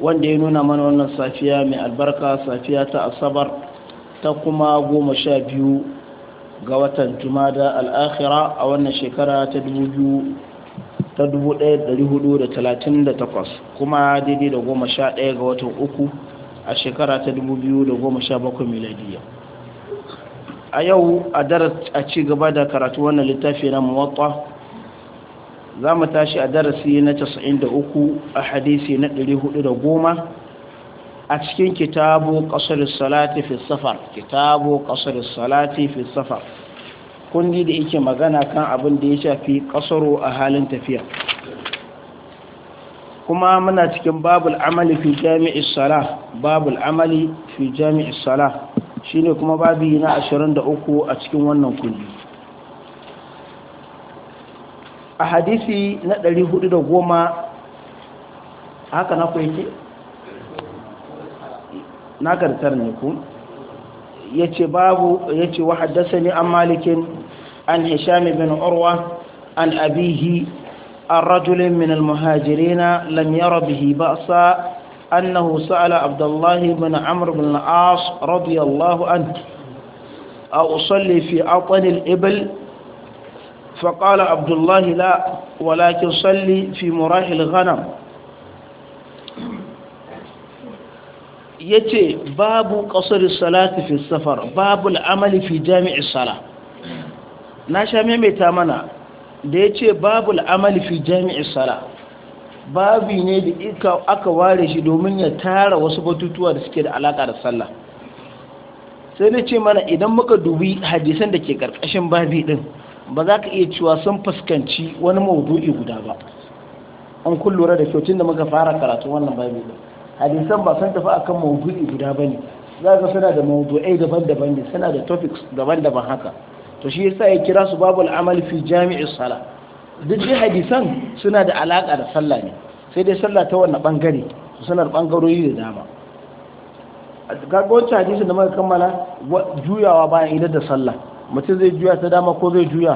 wanda ya nuna mana wannan safiya mai albarka safiya ta asabar ta kuma goma sha biyu ga watan jumada al'akhira a wannan shekara ta 1438 kuma daidai da goma sha ɗaya ga watan uku a shekara ta 2017 miladiya a yau a ci gaba da karatu wannan littafi na muwatta za mu tashi a darasi na 93 a hadisi na 410 a cikin kitabu ƙasar salati fi safar kitabu ƙasar salati fi safar kundi da yake magana kan abin da ya shafi ƙasaro a halin tafiya kuma muna cikin babul amali fi jami'i sala babul amali fi jami'i sala shine kuma babi na 23 a cikin wannan kundi a hadisi na 410 haka na ku yake na kartar ne ku yace babu ce wa haddathani an malikin an hisham bin urwa an abihi an rajulin min al-muhajirina lam bihi ba'sa أنه سأل عبد bin بن عمرو بن an a الله عنه أصلي في عطن الإبل فقال Abdullahi الله لا ولكن صلي في مراح yace babu qasr salati fi safar babu al'amali fi jami'i sala na sha maimaita mana da yace babu al'amali fi jami'i sala babu ne da aka ware shi domin ya tara wasu batutuwa da suke da alaka da sallah sai na ce mana idan muka dubi hadisan da ke ƙarƙashin babi din ba za ka iya cewa sun fuskanci wani maudu'i guda ba an kun da kyau tun da muka fara karatu wannan babu hadisan ba sun tafi akan maudu'i guda ba ne za ka suna da maudu'ai daban-daban ne suna da topics daban-daban haka to shi yasa ya kira su babu al'amal fi jami'i sala duk hadisan suna da alaka da sallah ne sai dai sallah ta wannan bangare suna da bangarori da dama ga wancan hadisin da muka kammala juyawa bayan idar da sallah mutum zai juya ta dama ko zai juya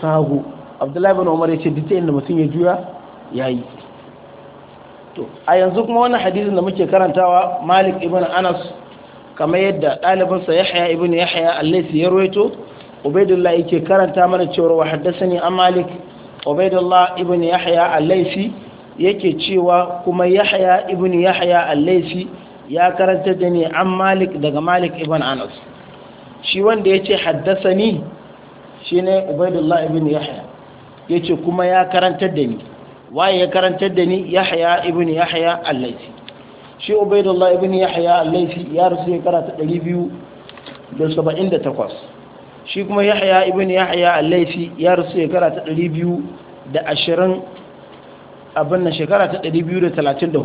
ta hagu abdullahi bin umar ya ce duk inda mutum ya juya ya yi to a yanzu kuma wani hadisin da muke karantawa malik ibn anas kamar yadda ɗalibinsa yahya ibn haya allaisi ya ruwaito ubaidullah yake karanta mana cewa wa haddasa ni an malik ubaidullah ibn yahya allaisi yake cewa kuma yahya ibn yahaya allaisi ya karanta da ni an malik daga malik ibn anas shi wanda ya ce haddasa ni shi ne ubaidullah ibn yahya ya ce kuma ya karantar da ni waye ya karantar da ni yahya ibn yahya allaisi shi ubaidullah ibn yahya allaisi ya rasu ya karata 278 shi kuma yahya ibn yahya allaisi ya rasu ya karata 220 abin na shekara ta 234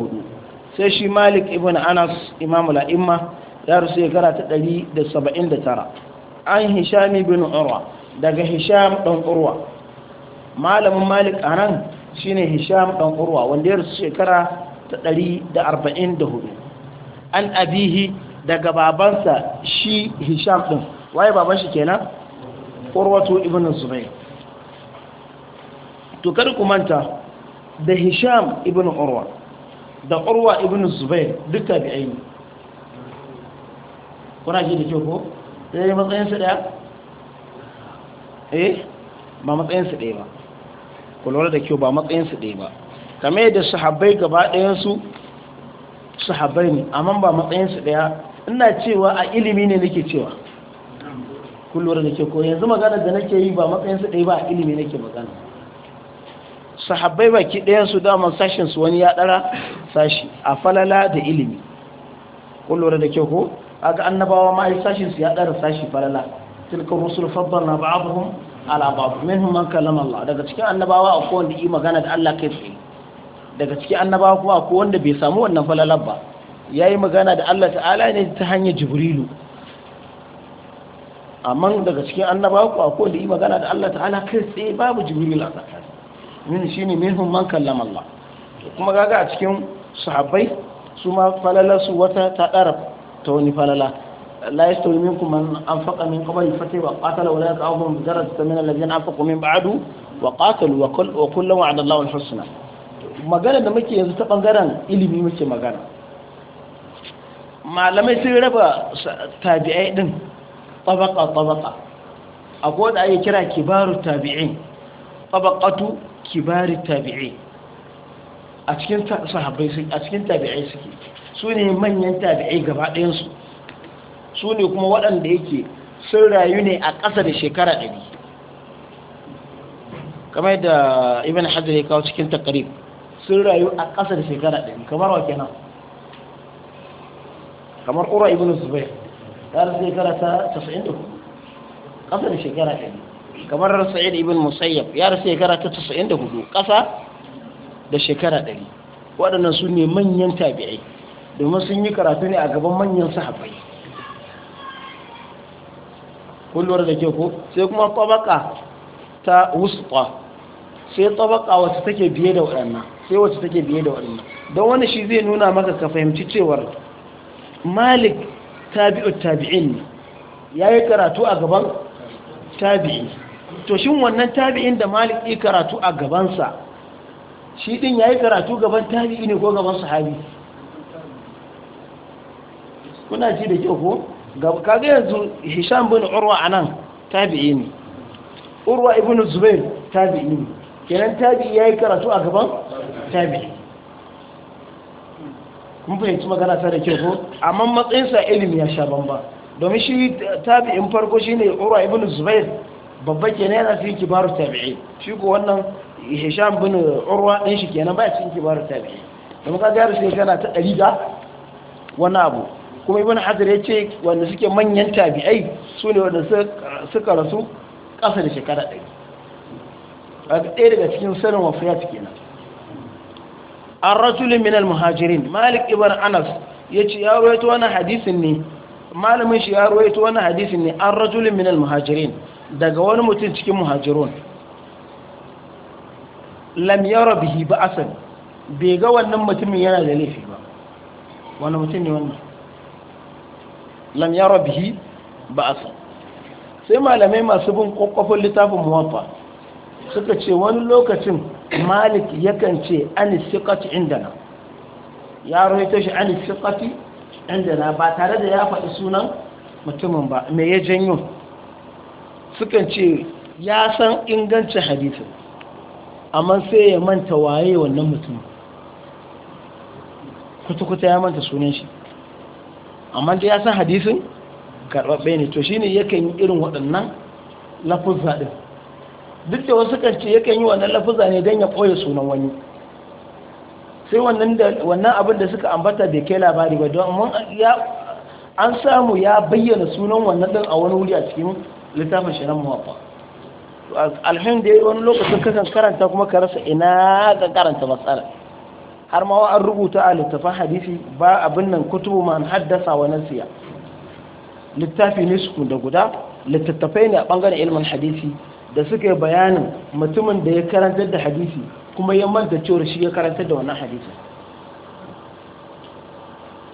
sai shi malik ibn anas imamu la'imma ya rasu shekara ta ɗari da da saba'in tara, an hishami bin urwa daga hisham ɗan urwa malamin malik a nan shi ne hisham ɗan urwa wanda ya rasu shekara ta ɗari da da arba'in hudu. an abihi daga babansa shi hisham ɗin. waye baban shi kenan urwatu ibn zubayr to kada ku manta da hisham ibn urwa da urwa ibn zubair duka bi kuna shi da kyau ko sai eh, matsayin su ɗaya. eh ba matsayinsu ɗaya ba ku da kyau ba matsayinsu ɗaya ba kamar yadda sahabbai gaba ɗayansu su sahabbai ne amma ba matsayinsu ɗaya. ina cewa a ilimi ne nake cewa ku da kyau ko yanzu magana da nake yi ba matsayinsu ɗaya ba a ilimi nake magana sahabbai baki ɗayan su daman sashin su wani ya ɗara sashi a falala da ilimi kullum da kyau ko aga annabawa ma ai sashin su ya dara sashi falala tilka rusul faddalna ba'dhum ala ba'd minhum man kallama Allah daga cikin annabawa akwai wanda yi magana da Allah kai tsaye daga cikin annabawa kuma akwai wanda bai samu wannan falalar ba yayi magana da Allah ta'ala ne ta hanyar jibrilu amma daga cikin annabawa kuma akwai wanda yi magana da Allah ta'ala kai tsaye babu Jibrilu a tsakani min shine minhum man kallama Allah kuma kaga a cikin sahabbai su ma su wata ta dara ta wani falala la yastawi minkum an faƙa min kuma al-fath wa qatala wa la ta'awun bi darajati min alladhina anfaqu min ba'du wa qatalu wa kullu wa kullu wa'ada Allahu magana da muke yanzu ta bangaren ilimi muke magana malamai sun raba tabi'ai din tabaka tabaka akwai da ake kira kibaru tabi'in tabaqatu kibaru tabi'in a cikin sahabbai a cikin tabi'ai suke su ne manyan tabi'ai gaba ɗayansu su ne kuma waɗanda yake sun rayu ne a ƙasa da shekara ɗari kamar yadda ibn hajjar ya kawo cikin takarib sun rayu a ƙasa da shekara ɗari kamar wa kenan kamar ƙura ibn zubair ta da shekara ta 94 ƙasa da shekara ɗari kamar sa'id ibn musayyab ya da shekara ta 94 ƙasa da shekara ɗari waɗannan su ne manyan tabi'ai domin sun yi karatu ne a gaban manyan sahabai. kullum da ke ko sai kuma tabaka ta wusuwa sai tabaka wacce take biye da waɗannan sai wacce take biye da waɗannan don wani shi zai nuna maka ka fahimci cewar malik tabi'ut tabi'in ya yi karatu a gaban tabi'i to shin wannan tabi'in da malik yi karatu a gabansa shi din ya yi karatu gaban tabi'i ne ko gaban sahabi kuna ji da kyau ko kaga yanzu hisham bin urwa anan tabi'i ne urwa ibn zubair tabi'i ne kenan tabi'i yayi karatu a gaban tabi'i kun fahimci magana ta da kyau ko amma matsayinsa ilimi ya sha bamba domin shi tabi'in farko shine urwa ibn zubair babba kenan yana cikin kibaru tabi'i shi ko wannan hisham bin urwa din shi kenan ba cikin kibaru tabi'i kuma ga yaro kana ta 100 wani abu kuma ibn hajar ya ce wanda suke manyan tabi'ai su ne wanda suka rasu ƙasa da shekara ɗari ɗaya daga cikin sanin wafiyat kenan an rasulun minal muhajirin malik ibn anas ya ce ya ta wani hadisin ne malamin shi ya ta wani hadisin ne an rasulun minal muhajirin daga wani mutum cikin muhajirun lam yara bihi ba asan bai ga wannan mutumin yana da laifi ba wani mutum ne wannan lam yara bihi ba'asa sai malamai masu bin kwakwafin littafin muwafa, suka ce wani lokacin malik yakan ce an indana ya rawaito shi an inda indana ba tare da ya faɗi sunan mutumin ba me ya janyo suka ce ya san ingancin hadisin amma sai ya manta waye wannan mutum kutukuta ya manta sunan shi amma da ya san hadisin karɓaɓɓe ne to shine yakan yi irin waɗannan lafuzza ɗin duk da wasu kan ce yakan yi wannan lafuzza ne don ya ɓoye sunan wani sai wannan abin da suka ambata bai kai labari ba don an samu ya bayyana sunan wannan ɗin a wani wuri a cikin littafin shirin mawafa alhamdulillah wani lokacin kakan karanta kuma ka rasa ina ka karanta matsala har ma wa an rubuta a littafin hadisi ba abin nan kutubu man haddasa wa nasiya littafi ne su da guda littattafai ne a bangaren ilmin hadisi da suka yi bayanin mutumin da ya karantar da hadisi kuma ya manta cewar shi ya karantar da wannan hadisi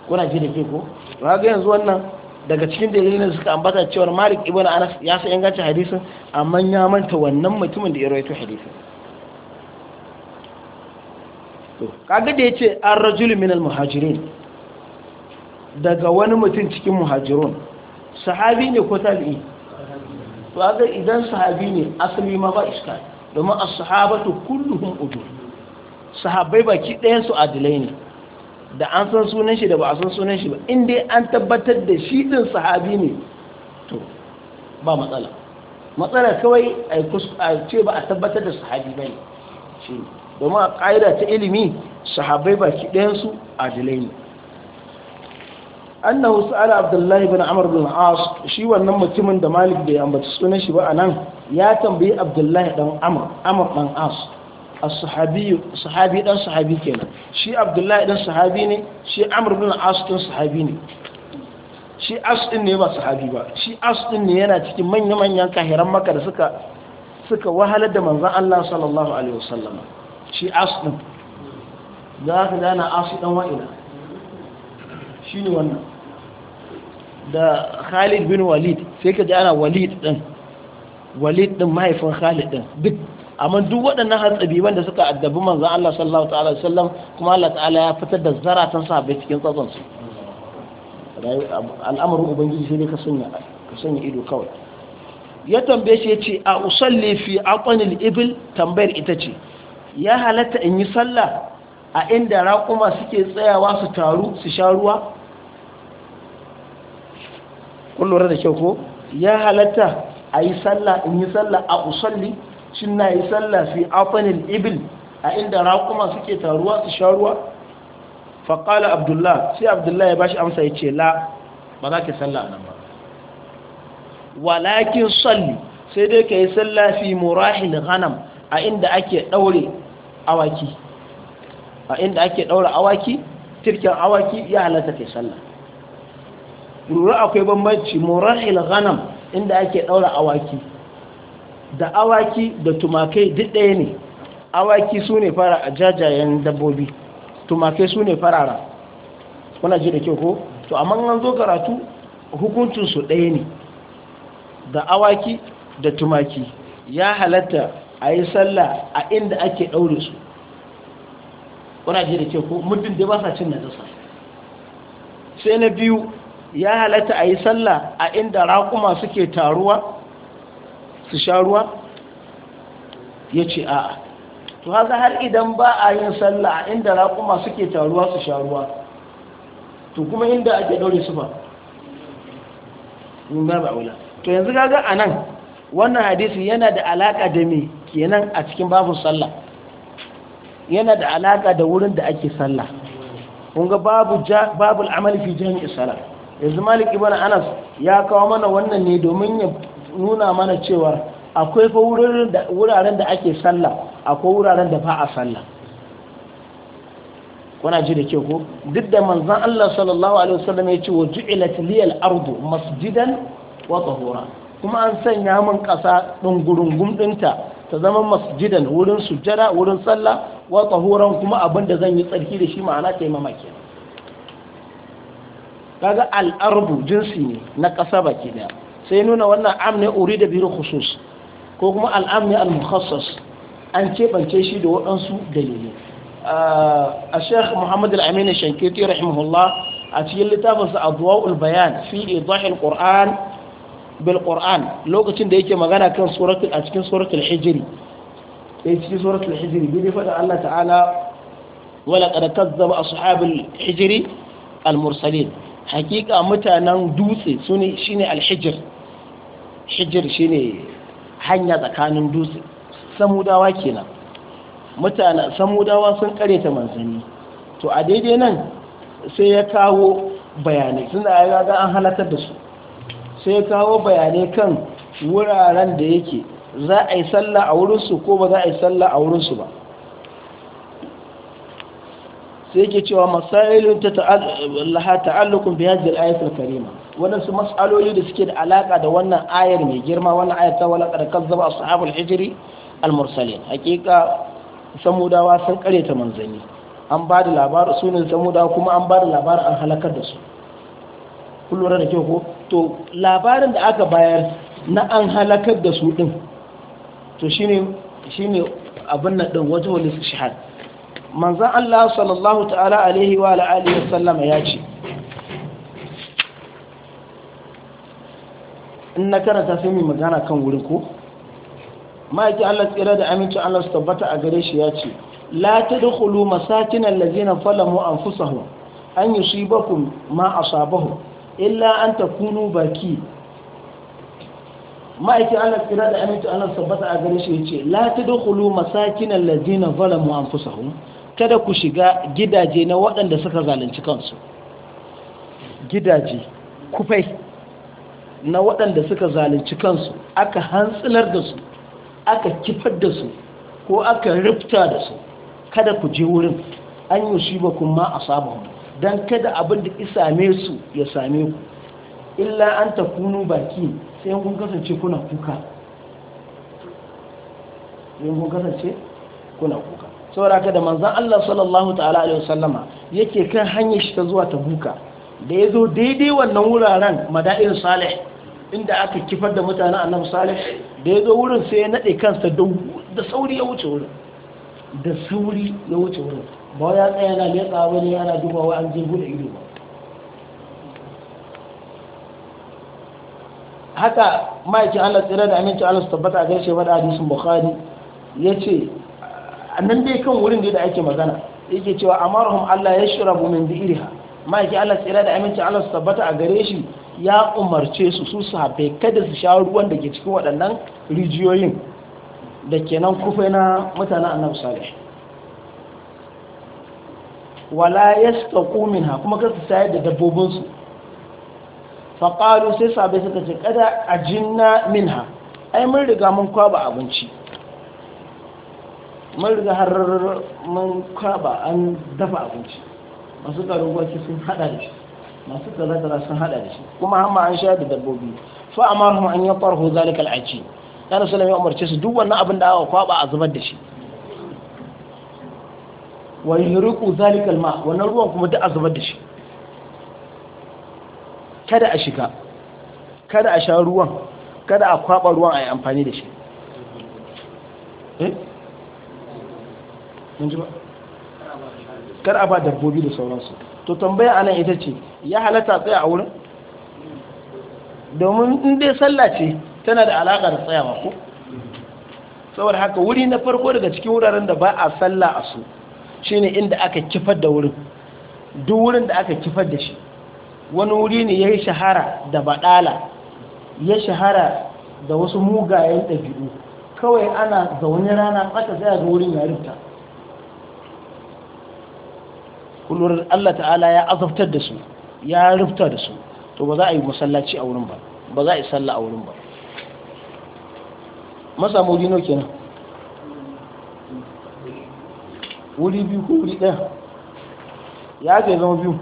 kuna ji da ke ko ga yanzu wannan daga cikin dalilin suka ambata cewar malik ibn anas ya san ingancin hadisin amma ya manta wannan mutumin da ya rawaito hadisin to kaga da yace ar-rajulu minal muhajirin daga wani mutum cikin muhajirun sahabi ne ko tabi'i to kaga idan sahabi ne asali ma ba iska domin as-sahabatu kulluhum udul sahabbai baki ɗayan su adilai ne da an san sunan shi da ba a san sunan shi ba Inda an tabbatar da shi din sahabi ne to ba matsala matsala kawai a ce ba a tabbatar da sahabi ba shi ne domin a ƙa'ida ta ilimi sahabbai baki ɗayansu adilai ne annahu sa'ala abdullahi bin amr bin as shi wannan mutumin da malik bai ambaci sunan shi ba a nan, ya tambayi abdullahi dan amr amr dan as as-sahabi sahabi dan sahabi kenan shi abdullahi dan sahabi ne shi amr bin as dan sahabi ne shi as ɗin ne ba sahabi ba shi as ɗin ne yana cikin manya manyan kahiran maka da suka suka wahalar da manzon Allah sallallahu alaihi Wasallama. shi asɗin da aka gana asu ɗan wa'ila shi ne wannan da khalid bin walid sai ka ji walid ɗin walid ɗin mahaifin khalid ɗin duk amma duk waɗannan hatsabi wanda suka addabi manzan Allah sallallahu ta'ala wasallam kuma Allah ta'ala ya fitar da zaratan sahabbai cikin tsatsansu al'amarin ubangiji sai ne ka sanya ido kawai ya tambaye shi ya ce a usalli fi aqanil ibil tambayar ita ce ya halatta in yi sallah a inda raƙuma suke tsayawa su taru su sha ruwa kullum da kyau ko ya halatta a yi sallah in yi sallah a usalli shi na yi sallah fi afanin ibil a inda raƙuma suke taruwa su sha ruwa faƙala abdullah sai abdullah ya bashi amsa ya ce la ba za ki sallah nan ba walakin salli sai dai ka yi sallah fi murahil ghanam a inda ake ɗaure awaki a inda ake ɗaura awaki tirkin awaki ya halatta kai sallah lura akwai bambanci murahil ghanam inda ake ɗaura awaki da awaki da tumakai duk ɗaya ne awaki su ne fara a jajayen dabbobi tumakai su ne farara kuna ji da kyau ko to amma an zo karatu hukuncinsu ɗaya ne da awaki da tumaki ya halatta a yi sallah a inda ake ɗaure su wana ji da ke ko muddin da ba sa cin najasa sai na biyu ya halatta a yi sallah a inda raƙuma suke taruwa su sha ruwa ya ce a'a to haka har idan ba a yin sallah a inda raƙuma suke taruwa su sha ruwa to kuma inda ake ɗaure su ba in ba ba wula to yanzu gaga a nan wannan hadisi yana da alaƙa da mai kenan a cikin babu sallah yana da alaka da wurin da ake sallah kun ga babu babu al'amali fi jami'i sallah yanzu malik ibn anas ya kawo mana wannan ne domin ya nuna mana cewa akwai fa wuraren da ake sallah akwai wuraren da ba a sallah kuna ji da ke ko duk da manzan Allah sallallahu alaihi wasallam ya ce wa ju'ilat liyal ardu masjidan wa tahura kuma an sanya min kasa dungurungum dinta ta zama masjidan wurin sujjada wurin sallah wa tahuran kuma abin da zan yi tsarki da shi ma'ana ta yi mamaki al'arbu jinsi ne na ƙasa baki daya sai nuna wannan amne uri da biyu khusus ko kuma al'amne al-mukhassas an keɓance shi da waɗansu dalili ah, a sheikh muhammad al-amin shankiti rahimahullah a cikin littafinsa adwa'ul bayan fi idahi quran bil qur'an lokacin da yake magana kan suratul a cikin suratul hijri sai eh, cikin suratul hijri bi fada Allah ta'ala wala qad kazzaba ashabul hijri al mursalin hakika mutanen dutse sune shine al hijr hijr shine hanya tsakanin dutse samudawa kenan mutanen samudawa sun kare ta manzanni to a daidai nan sai ya kawo bayanai suna ya ga an halatar da su sai kawo bayanai kan wuraren da yake za a yi sallah a wurinsu ko ba za a yi sallah a wurinsu ba sai ke cewa matsayin ta ta'allukun biyar da ayatul karima wadansu matsaloli da suke da alaƙa da wannan ayar mai girma wannan ayar ta wala zaba a ashabul hijiri al-mursalin hakika samudawa sun ta manzanni an ba da labarin sunan samudawa kuma an ba da labar an halakar da su kullum da kyau ko to labarin da aka bayar na an halakar da su din to shine shine abin nan din wajen wani shahad manzan Allah sallallahu ta'ala alaihi wa alihi sallama ya ce in na karanta sai mai magana kan wurin ko ma'aikin Allah tsira da amincin Allah su tabbata a gare shi ya ce la tadkhulu masakin allazina falamu anfusahum an yusibakum ma asabahum illa an ta kunu baki ma'aikin Allah tsira da aminci Allah sabbata a gare shi yace la tadkhulu masakin allazina zalamu anfusahum kada ku shiga gidaje na waɗanda suka zalunci kansu gidaje kufai na waɗanda suka zalunci kansu aka hantsilar da su aka kifar da su ko aka rufta da su kada ku je wurin an shi ba kuma mu. don kada abin da isame su ya same ku illa an ta kunu baki sai kun kasance kuna kuka yin kun kasance kuna kuka saboda ka da manzan Allah sallallahu ta'ala alaihi sallama, yake kan hanyar shi ta zuwa ta buka da ya zo daidai wannan wuraren madain salih inda aka kifar da mutane a nan salih da ya zo wurin sai ya nade kansa da sauri ya wuce da sauri ya wuce wurin ba ya tsaya yana leƙa wani yana dubawa an je hudu ido ba haka ma'aikin Allah tsira da aminci Allah su tabbata a gaishe da hadisun Bukhari ya ce nan dai kan wurin da ake magana yake cewa amarhum Allah ya shirabu min ha ma'aikin Allah tsira da aminci Allah su tabbata a gare shi ya umarce su su safe kada su sha ruwan da ke cikin waɗannan rijiyoyin da kenan kufai na mutanen annabi salihu wala min ha? kuma kasu sayar da dabbobin su sai sabai suka ce kada a min ha. ai mun riga mun kwaba abinci mun riga har mun kwaba an dafa abinci masu karin gwaki sun haɗa da shi masu kaza sun haɗa da shi kuma hamma an sha da dabbobi fa amarhum an yatarhu zalikal al'aji ya rasulullah ya umarci su duk wannan abin da aka kwaba a zubar da shi wa yuhriqu zalikal ma wannan ruwan kuma duk a zubar da shi kada a shiga kada a sha ruwan kada a kwaba ruwan a yi amfani da shi eh kar a ba dabbobi da sauransu to tambaya anan ita ce ya halatta tsaya a wurin domin in dai sallah ce tana da alaƙa da tsayawa ko saboda haka wuri na farko daga cikin wuraren da ba a sallah a su shine inda aka kifar da wurin duk wurin da aka kifar da shi wani wuri ne ya yi shahara da baɗala ya shahara da wasu mugayen ɗabi'u kawai ana zaune rana aka zai ga wurin ya rufta kullum Allah ta'ala ya azabtar da su ya rufta da su to ba za a yi masallaci a wurin ba ba za a yi sallah a wurin ba masa dino kenan wuri biyu ko wuri ɗaya ya ce zama biyu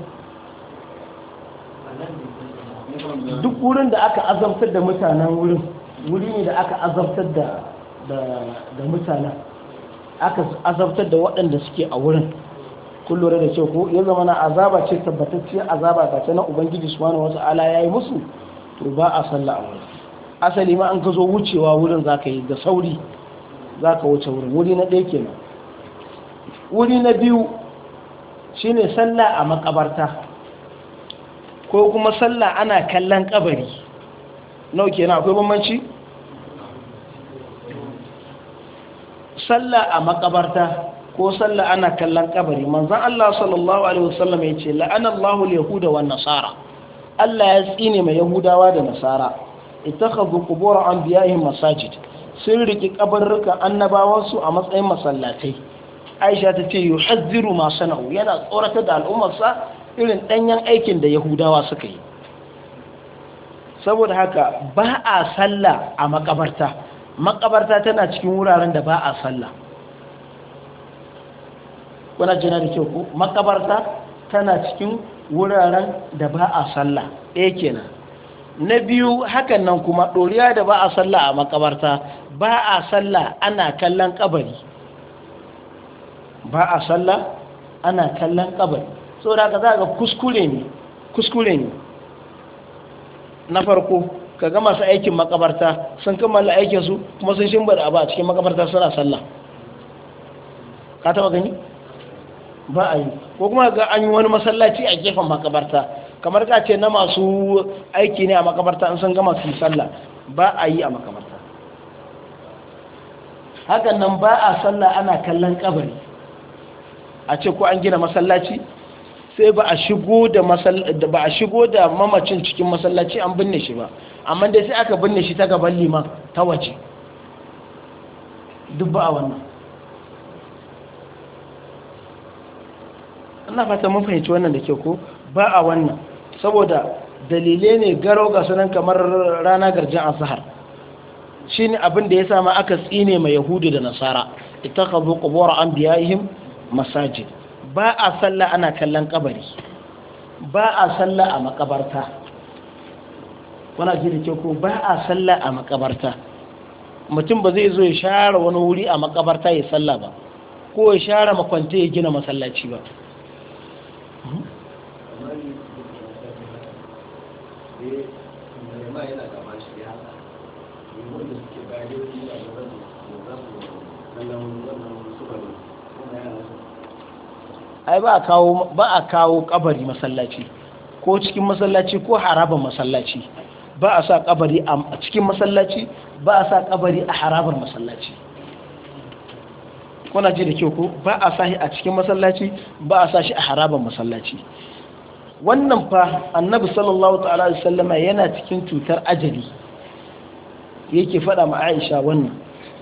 duk wurin da aka azabtar da mutanen wurin wuri ne da aka azabtar da mutanen aka azabtar da waɗanda suke a wurin kun da ce ko ya zama na azaba ce tabbatacciyar azaba ba ta na ubangiji wasu Ala ya yi musu to ba a sallah a wurin asali ma an ka zo wucewa wurin za ka yi da sauri za ka wuce wurin wuri na ɗaya kenan wuri na biyu shine sallah a makabarta ko kuma sallah ana kallon kabari Nauke na akwai bambanci sallah a makabarta ko sallah ana kallon kabari manzan Allah sallallahu alaihi wasallam ya ce la'anallahu lehu yahuda wa nasara Allah ya tsine mai yahudawa da nasara an biya yin masajid sun riki kabarrukan annabawansu a matsayin masallatai aisha ta ce yuhazziru ma sana'u yana tsoratar da al'ummarsa irin danyen aikin da yahudawa suka yi saboda haka ba a sallah a makabarta makabarta tana cikin wuraren da ba a sallah kuna jina da ke ku makabarta tana cikin wuraren da ba a sallah ɗaya eh kenan na biyu hakan nan kuma ɗoriya da ba a sallah a makabarta ba a sallah ana kallon kabari ba a sallah ana kallon kabari da ka za ga kuskure ne kuskure ne na farko ka ga masu aikin makabarta sun kammala aikin su kuma sun da ba a cikin makabarta suna sallah ka taba gani ba a yi ko kuma ga an yi wani masallaci a gefen makabarta kamar ka ce na masu aiki ne a makabarta in sun gama su sallah ba a yi a makabarta hakan nan ba a sallah ana kallon kabari a ce ko an gina masallaci sai ba a shigo da mamacin cikin masallaci an binne shi ba amma dai sai aka binne shi ta gaban liman ta waje duk ba a wannan Ana fata mun fahimci wannan da ke ko ba a wannan saboda dalilai ne garo ga sunan kamar rana garjin asahar shine abin da ya sama aka tsine mai yahudu da nasara ittakhadhu qubur anbiya'ihim masajid ba a sallah ana kallon kabari ba a sallah a makabarta wana ji da ko ba a sallah a makabarta mutum ba zai zo ya share wani wuri a makabarta ya sallah ba ko ya share makwanta ya gina masallaci ba hmm? ai ba a kawo ba a kawo kabari masallaci ko cikin masallaci ko harabar masallaci ba a sa kabari a cikin masallaci ba a sa kabari a harabar masallaci kuna ji da kyau ko ba a sa shi a cikin masallaci ba a sa shi a harabar masallaci wannan fa annabi sallallahu ta'ala alaihi sallama yana cikin cutar ajali yake faɗa ma Aisha wannan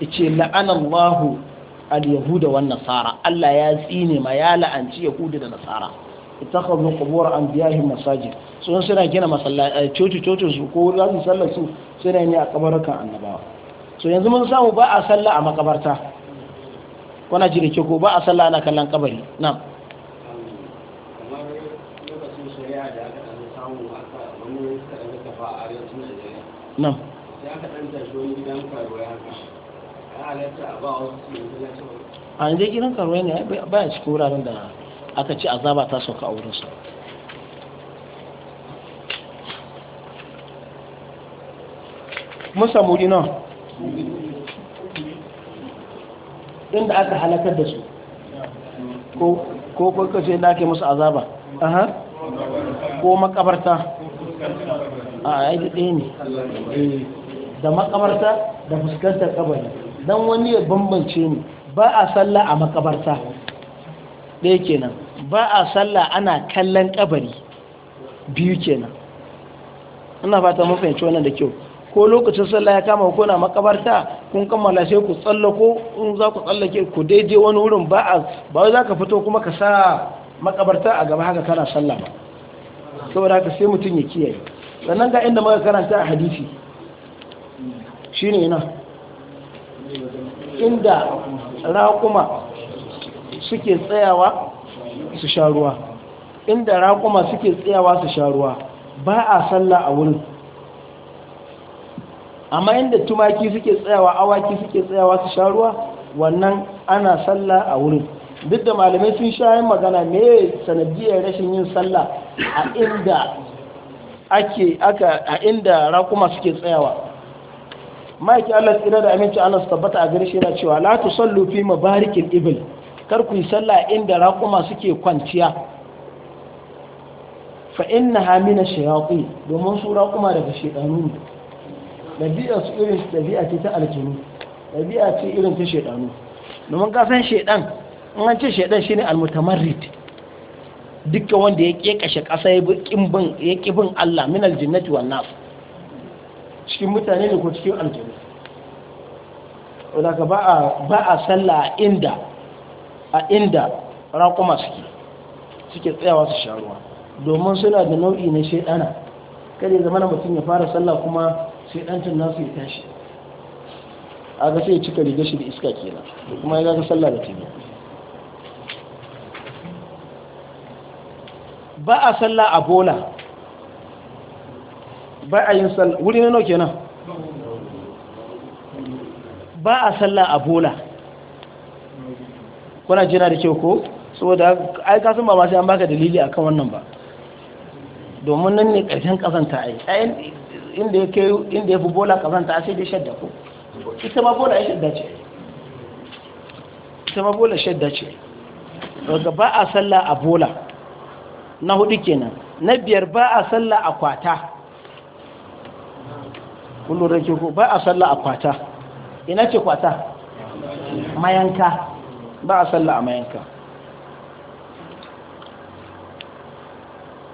yace la'anallahu al-yahuda wan nasara Allah ya tsine ma ya la'anci yahuda da nasara itakhadhu qubur anbiya'ihim masajid sun suna gina masallaci eh, coci cocin su ko za su sallar su suna ne a kabarukan annabawa so yanzu mun samu ba a sallah a makabarta kuna ji da ko ba a sallah ana kallon kabari na'am nan. Ya ka ɗan gidan faruwa a yanzu irin karuwa ne ba ya cikin wuraren da aka ci azaba ta sauka a wurinsa musa murina inda aka halakar da su ko kwakwace da ake musu azaba aha ko makabarta a yi da ɗaya ne da makabarta da fuskantar kabari dan wani ya bambance ni ba a sallah a makabarta ɗaya kenan ba a sallah ana kallon kabari biyu kenan ina fata mun fahimci wannan da kyau ko lokacin sallah ya kama ko na makabarta kun kammala sai ku tsallako in za ku tsallake ku daidai wani wurin ba a ba za ka fito kuma ka sa makabarta a gaba haka kana sallah ba saboda haka sai mutum ya kiyaye sannan ga inda muka karanta a hadisi shine ina inda raƙuma suke tsayawa su sha ruwa inda raƙuma suke tsayawa su sharuwa ba a sallah a wurin amma inda tumaki suke tsayawa awaki suke tsayawa su sha ruwa wannan ana sallah a wurin duk da malamai sun sha yin magana me sanadiyar rashin yin sallah a inda ake aka a inda raƙuma suke tsayawa maiki Allah tsira da aminci Allah su tabbata a gare shi yana cewa la sallu fi barikin ibil kar ku yi sallah inda raƙuma suke kwanciya fa inna hamina shayatin domin su raƙuma daga shedanu ne dabi'a su irin dabi'a ce ta aljinu dabi'a ce irin ta shedanu domin ka san shedan in an ce shedan shine almutamarrid dukkan wanda ya kekashe ƙasa ya bin Allah min aljinnati wan nas cikin mutane ne ko cikin aljihu wadaka ba a sallah a inda a inda raƙuma suke suke tsayawa su sha ruwa domin suna da nau'i na shaidana kada ya zama mutum ya fara sallah kuma shaidancin nasu ya tashi a ga sai cika riga shi da iska kenan da kuma ya ga da ba a sallah a bola ba a yin sallah wuri ne nauke nan ba a sallah a bola kuna jina da kyau ko saboda ai kasan ba masu sai an baka dalili akan wannan ba domin nan ne ƙarshen a ai inda ya ke inda ya fi bola a sai dai shadda ko ita ma bola shadda ce ita ma bola shadda ce daga ba a sallah a bola na hudu kenan na biyar ba a sallah a kwata kullum da ke ba a sallah a kwata ina ce kwata mayanka ba a sallah a mayanka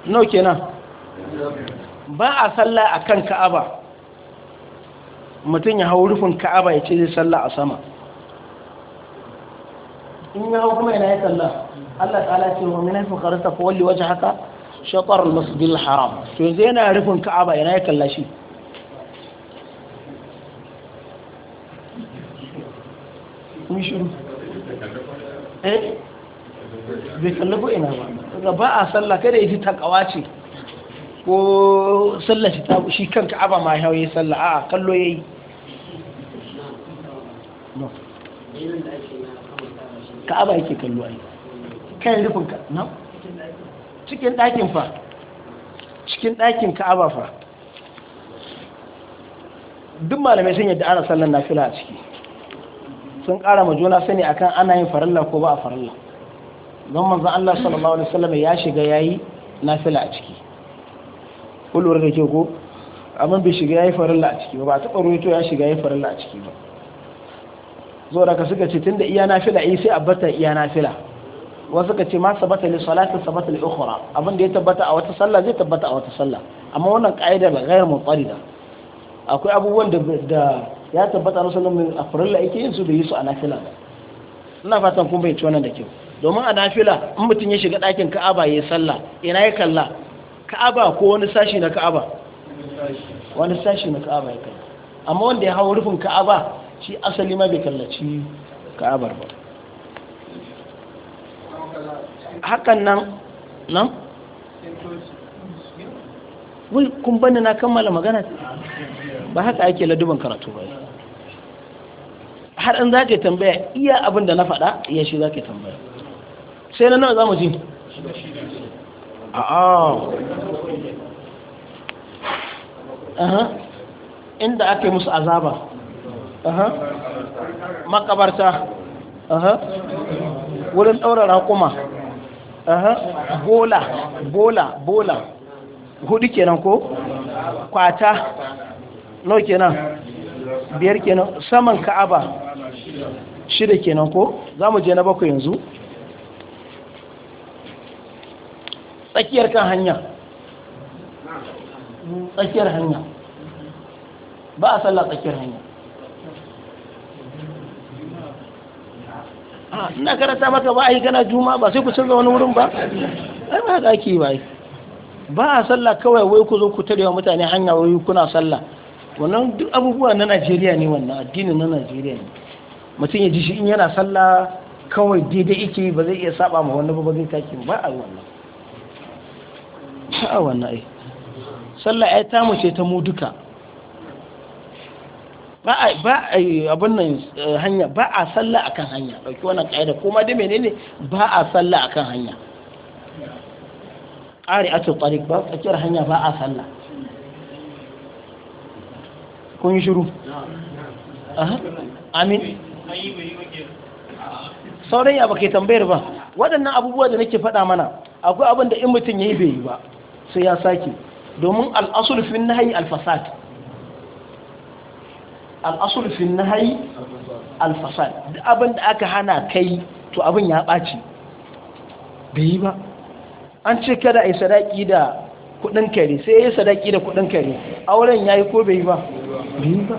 no kenan ba a sallah a kan ka'aba mutum ya hau rufin ka'aba ya ce zai sallah a sama in ya hau kuma yana ya Allah ta'ala ce wa karanta wajen haka shatar haram to yanzu yana rufin ka'aba yana ya kalla shi shiru eh bai kalli ko ina ba ba a sallah kada ya ji takawa ce ko sallah shi ta shi kanka aba ma ya yi sallah a kallo yayi no ka aba yake kallo ai kan rufin ka na cikin ɗakin fa cikin ɗakin ka aba fa duk malamai sun yadda ana sallan nafila a ciki sun ƙara ma juna sani akan ana yin farilla ko ba a farilla don manzon Allah sallallahu alaihi wasallam ya shiga yayi nafila a ciki kullur da ke ko amma bai shiga yayi farilla a ciki ba ba taɓa ruwaito ya shiga yayi farilla a ciki ba zo daga suka ce tunda iya nafila yi sai abbata iya nafila wasu ka ce ma sabata li salati sabata li ukhra abin da ya tabbata a wata sallah zai tabbata a wata sallah amma wannan ka'idar ghayr mutarida akwai abubuwan da ya tabbata na sallam a farilla ake yin su da yi su a nafila ba ina fatan kun bai wannan da kyau domin a nafila in mutum ya shiga ɗakin ka'aba ya sallah ina ya kalla ka'aba ko wani sashi na ka'aba wani sashi na ka'aba ya kalla amma wanda ya hau rufin ka'aba shi asali ma bai kallaci ka'abar ba hakan nan nan wai kun na kammala magana ba haka ake ladubin karatu ba har in za ka tambaya iya abin da na faɗa iya shi za ka tambaya sai na nawa za mu ji inda ake musu azaba makabarta wurin ɗaura raƙuma bola bola bola hudu kenan ko kwata nau kenan biyar kenan saman ka'aba shida kenan ko za mu je na bakwai yanzu tsakiyar kan hanya tsakiyar hanya ba a sallah tsakiyar hanya ah, ina karanta maka ba a yi gana juma ba sai ku canza wani wurin ba ai ba da ake ba ba a sallah kawai wai ku zo ku tarewa mutane hanya wai kuna sallah wannan duk abubuwa na najeriya ne wannan addinin na najeriya ne mutum ya ji shi in yana sallah kawai daidai ike ba zai iya saba ma wani ba zai taki ba a wannan a wannan ai sallah ai ta mace ta mu duka ba a abin nan eh, hanya ba a sallah akan hanya dauki wannan kaida kuma dai menene ba a sallah akan hanya qari'atu tariq ba tsakiyar hanya ba a sallah kun shiru amin sauran ya baka tambayar ba waɗannan abubuwa da nake faɗa mana akwai abin da in mutum ya yi bai yi ba sai ya sake domin al'asul fi nahayi al-fasad al'asul fi nahayi Duk abin da aka hana kai to abin ya ɓaci bai yi ba an ce kada a yi sadaki da kuɗin kare sai ya yi sadaki da kuɗin kare auren ya yi ko bai yi ba biyu ba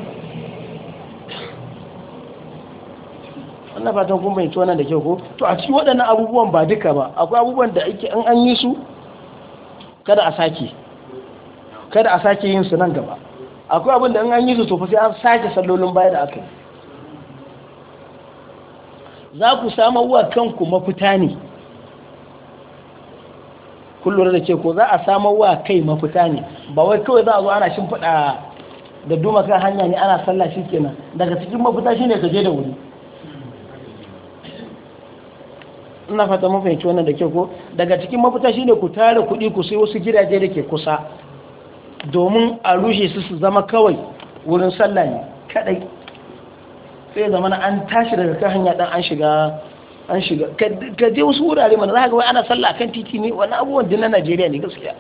wannan fatan kun bayyanci wannan da kyau ko to a cikin waɗannan abubuwan ba duka ba akwai abubuwan da ake an an yi su kada a sake kada a sake yin su nan gaba akwai abin da an yi su to fa an sake sallolin baya da aka za ku samu wa kanku mafita ne kullum da ke ko za a samu wa kai mafita ne ba wai kawai za a zo ana shimfiɗa da duma kan hanya ne ana sallah shi kenan daga cikin mafita shi ne ka je da wuri ina fata mun fahimci wannan da ke ko daga cikin mafita shi ne ku tare kuɗi ku sai wasu gidaje da ke kusa domin a rushe su su zama kawai wurin sallah ne kadai sai zama an tashi daga kan hanya dan an shiga an shiga ka je wasu wurare mana za ka wai ana sallah kan titi ne wani abubuwan dinna na Najeriya ne gaskiya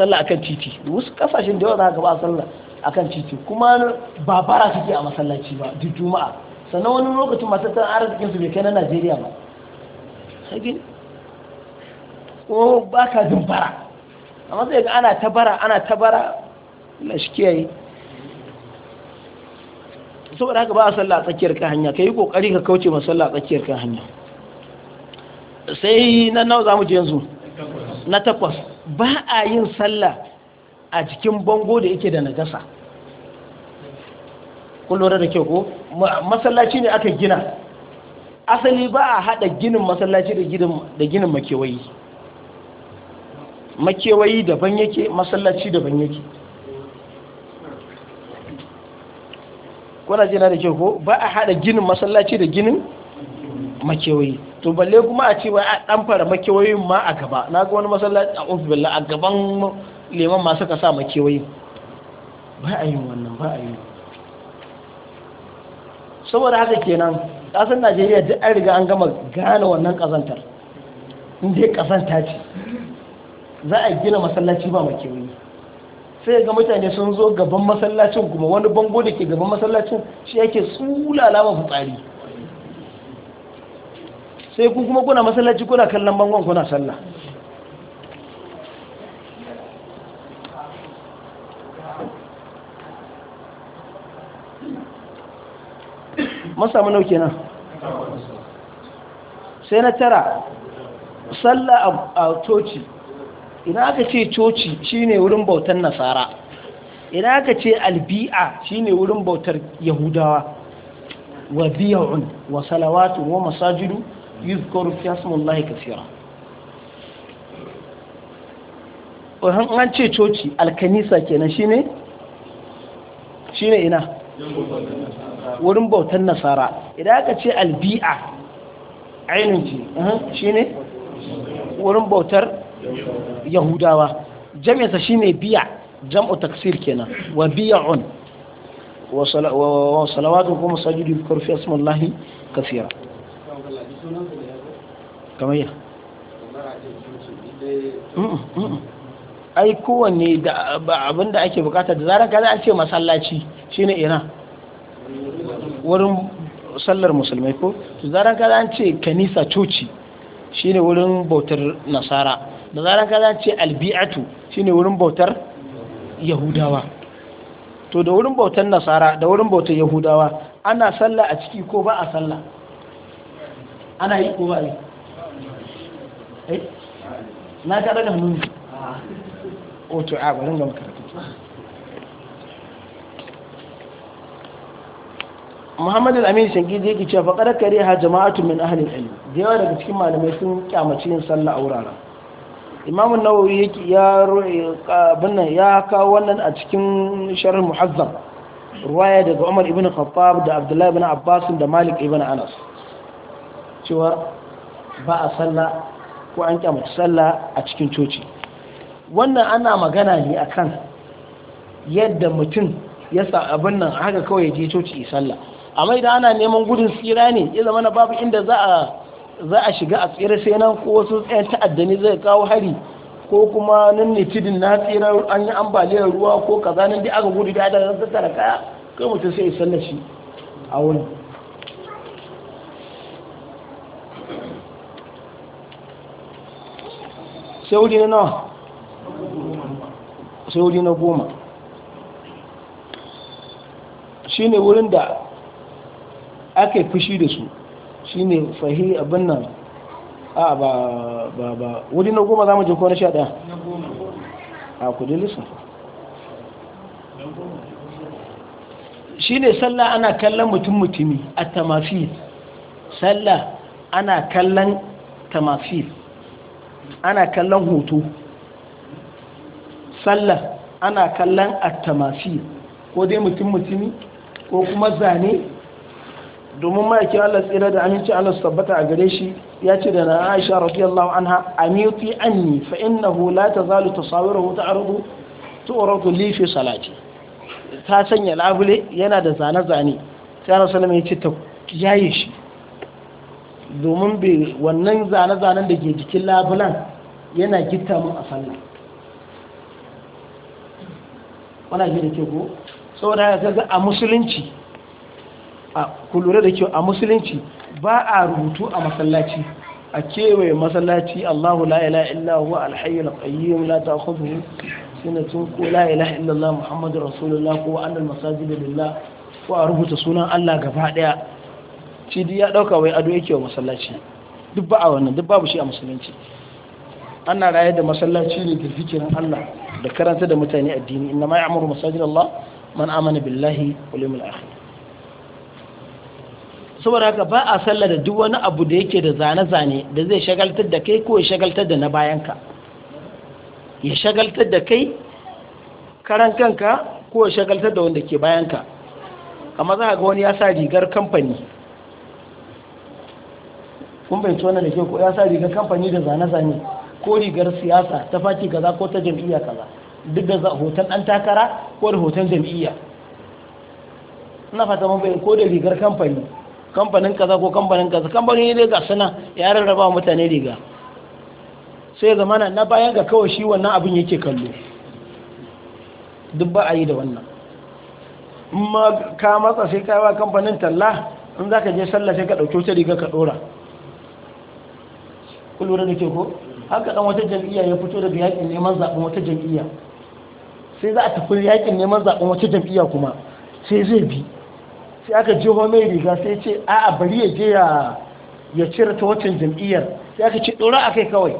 sallah akan titi wasu kasashen da yawa za ba sallah akan titi kuma ba bara suke a masallaci ba duk juma'a sannan wani lokacin masu tattalin arzikin su bai kai na najeriya ba hagin ko ba ka jin bara a sai ga ana ta bara ana ta bara la shi kiyaye saboda haka ba a sallah a tsakiyar kan hanya ka yi kokari ka kauce ma sallah a tsakiyar kan hanya sai na nawa za mu je yanzu na takwas ba a yin sallah a jikin bango da yake da najasa kun lura da kyau ko masallaci ne aka gina asali ba a hada ginin masallaci da ginin makewayi makewayi daban yake masallaci daban yake kuna jina da kyau ko ba a hada ginin masallaci da ginin makewayi to balle kuma a ce wai a dan fara makewayin ma a gaba na ga wani masallaci a ofis a gaban liman ma suka sa makewayi ba a yi wannan ba a yi saboda haka kenan kasar najeriya duk an riga an gama gane wannan kazantar inda ya kazanta ce za a gina masallaci ba makewayi sai ga mutane sun zo gaban masallacin kuma wani bango da ke gaban masallacin shi yake tsulala ma fitsari sai ku kuma kuna masallaci kuna kallon bangon kuna sallah samu nau kenan sai na tara sallah a coci idan aka ce coci shine wurin bautar nasara idan aka ce albi'a shine wurin bautar yahudawa wa biya'un wa salawatu wa masajidu yuzkaru fi hasmullahi kaseera ohun an ce coci alkanisa kenan shine shine ina wurin bautan nasara idan aka ce albi'a ainihin ce shi ne wurin bautar yahudawa jami'ata shi ne biya jam'u taksir kenan wa biya'un wa salawatun kuma Sajidu karfi asmallahi kafira kamar yi ai kowanne da abinda ake bukata da zarar ka za a ce masallaci shine ina wurin sallar musulmai ko to zaran ka zan ce kanisa coci shine wurin bautar nasara da zaran ka zan ce albi'atu shine wurin bautar yahudawa to da wurin bautar nasara da wurin bautar yahudawa ana sallah a ciki ko ba a sallah ana yi ko ba yi eh? na ka daga hannu o to a barin gama makaratu muhammad al-amin shangidi yake cewa kare ha jama'atu min ahli al-ilm da yawa daga cikin malamai sun kyamaci yin sallah a wuraren imam an-nawawi yake ya ya kawo wannan a cikin sharh muhazzam ruwaya daga umar ibn khattab da abdullah ibn abbas da malik ibn anas cewa ba a sallah ko an kyamaci sallah a cikin coci wannan ana magana ne akan yadda mutum ya sa abin nan haka kawai ya je coci yi sallah amma da ana neman gudun tsira ne ya zama na babu inda za a shiga a tsira sai nan ko wasu tsayan ta'adda ne zai kawo hari ko kuma nan ne tidin na tsira an yi ambaliyar ruwa ko kaza nan dai aka gudu da adadin tattara kaya kai mutum sai ya shi a wurin na nawa Sauri na goma shi ne wurin da aka yi fushi da su Shi ne, fahi abin nan a ba ba ba wuri na goma za mu je na sha ɗaya a kudin lissafa shi ne sallah ana kallon mutum mutumi a tamafil sallah ana kallon tamafil ana kallon hoto sallah ana kallon a tamafil ko dai mutum mutumi ko kuma zane domin ma'aikin Allah tsira da aminci Allah su tabbata a gare shi ya ce da na Aisha radiyallahu anha amiti anni fa innahu la tazalu tasawiruhu ta'rudu tu'radu li fi salati ta sanya labule yana da zane zane sai Allah sallama ya ce ta yaye shi domin bai wannan zane zanen da ke jikin labulan yana gitta mu a sallah wannan shi ke ko saboda ka ga a musulunci ku lura da kyau a musulunci ba a rubutu a masallaci a kewaye masallaci Allahu la ilaha illa huwa al-hayyul qayyum la ta'khudhuhu sinatun ko la ilaha illa Allah Muhammadur rasulullah ko annal masajid lillah ko a rubuta sunan Allah gaba daya shi duk ya dauka wai ado yake wa masallaci duk ba a wannan duk babu shi a musulunci ana raye da masallaci ne da fikirin Allah da karanta da mutane addini inna ma ya'muru masajid Allah man amana billahi wal yawmil akhir saboda haka ba a sallah da duk wani abu da yake da zane-zane da zai shagaltar da kai ko ya shagaltar da na bayanka ya shagaltar da kai karan kanka ko ya shagaltar da wanda ke bayanka amma za a ga wani ya sa rigar kamfani kun bai tona da ke ko ya sa rigar kamfani da zane-zane ko rigar siyasa ta faki kaza ko ta jam'iyya kaza duk da hoton ɗan takara ko da hoton jam'iyya ina fata mabayin ko da rigar kamfani kamfanin kaza ko kamfanin kaza kamfanin ne ga suna ya rarraba mutane riga sai zama na bayan ga kawai shi wannan abin yake kallo duk ba a yi da wannan amma ka matsa sai wa kamfanin talla in za ka je sallah sai ka ɗauki wata riga ka ɗora ku lura da ke ko haka ɗan wata jam'iyya ya fito daga yakin neman zaɓen wata jam'iyya sai za a tafi yakin neman zaɓen wata jam'iyya kuma sai zai bi sai aka jeho mai riga sai ce a bari ya je ya cire ta wancan jam'iyyar sai aka ce ɗora a kai kawai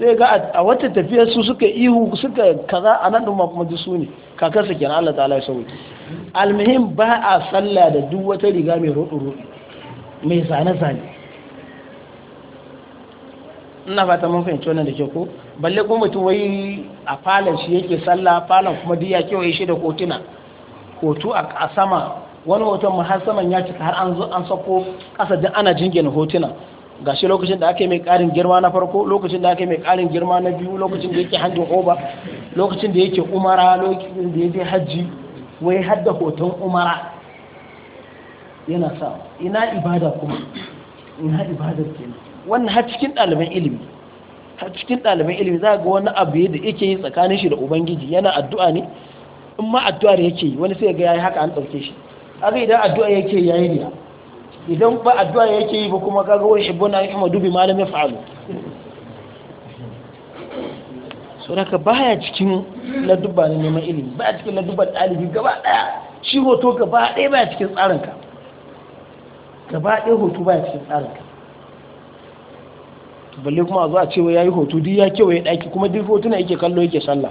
sai ga a wata tafiyar su suka ihu suka kaza a nan kuma mamaji su ne kakarsa kenan Allah ta'ala ya sauki almuhim ba a salla da duk wata riga mai roɗi-roɗi mai zane-zane ina fata mun fahimci wannan da ke ko balle kuma mutum wai a falon shi yake salla falon kuma duk ya kewaye shi da kotuna hoto a sama wani hoton ma har saman ya cika har an sako ƙasa jin ana jingina hotuna gashi lokacin da ake mai ƙarin girma na farko lokacin da ake mai ƙarin girma na biyu lokacin da yake hajji oba lokacin da yake umara lokacin da yake hajji wai hadda hoton umara yana sa ina ibada kuma ina ibada ke wannan har cikin ɗaliban ilimi har cikin ɗaliban ilimi za ga wani abu da yake yi tsakanin shi da ubangiji yana addu'a ne in ma da yake wani sai ga yayi haka an ɗauke shi aga idan addu'a yake yayi ne idan ba addu'a yake yi ba kuma kaga wani ibn ma dubi malam fa'alu so haka baya cikin ladubba na neman ilimi baya cikin ladubba dalibi gaba ɗaya shi hoto gaba ɗaya baya cikin tsarinka gaba ɗaya hoto baya cikin tsarinka balle kuma a zo a cewa ya yi hoto duk ya kewaye ɗaki kuma duk hotuna yake kallo yake sallah